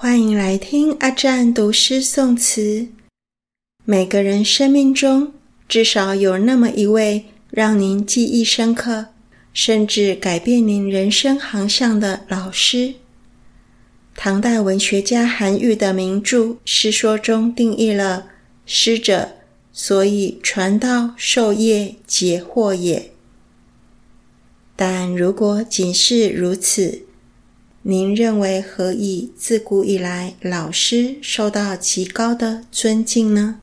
歡迎來聽阿占讀詩誦詞。每個人生命中至少有那麼一位讓您記憶深刻，甚至改變您人生航向的老師。唐代文學家韓愈的名著《師說》中定義了“師者，所以傳道授業解惑也”。但如果僅是如此，您認為何以自古以來老師受到極高的尊敬呢？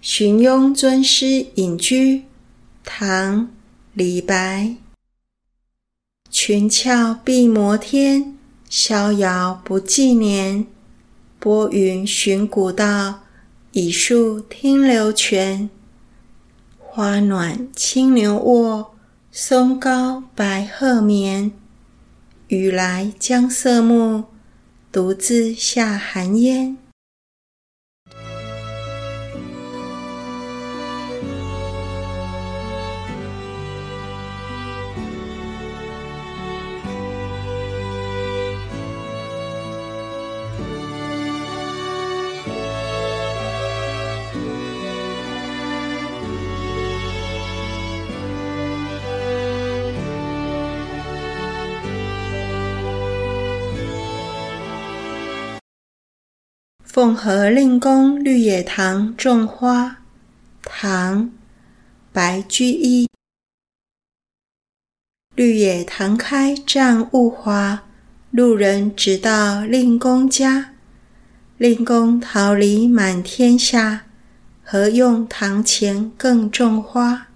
尋雍尊師隱居。唐·李白，群峭碧摩天，逍遙不記年。撥雲尋古道，倚樹聽流泉。花暖青牛臥，松高白鶴眠。語來江色暮，獨自下寒煙。奉和令公綠野堂種花，唐·白居易。綠野堂開占物華，路人指道令公家。令公桃李滿天下，何用堂前更種花？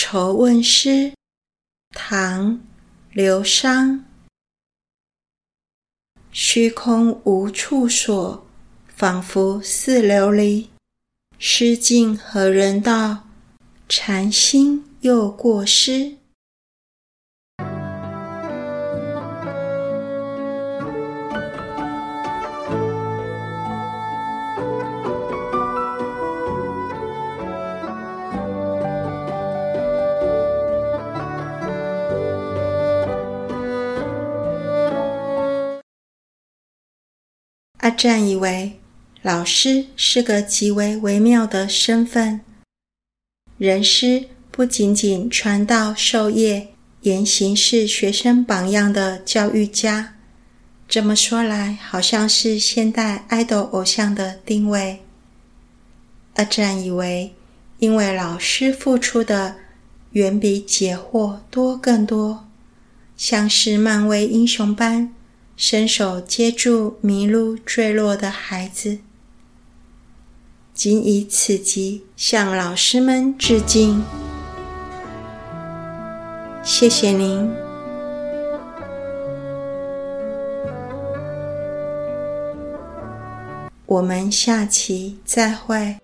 酬問師，唐，劉商。虛空無處所，仿佛似琉璃。詩境何人到？禪心又過詩。阿占以為，老師是個極為微妙的身份。人師不僅僅傳道授業，言行是學生榜樣的教育家。這麼說來，好像是現代 idol 偶像的定位。阿占以為，因為老師付出的遠比解惑多更多，像是漫威英雄般。伸手接住迷路墜落的孩子，謹以此集向老師們致敬，謝謝您，我們下期再會。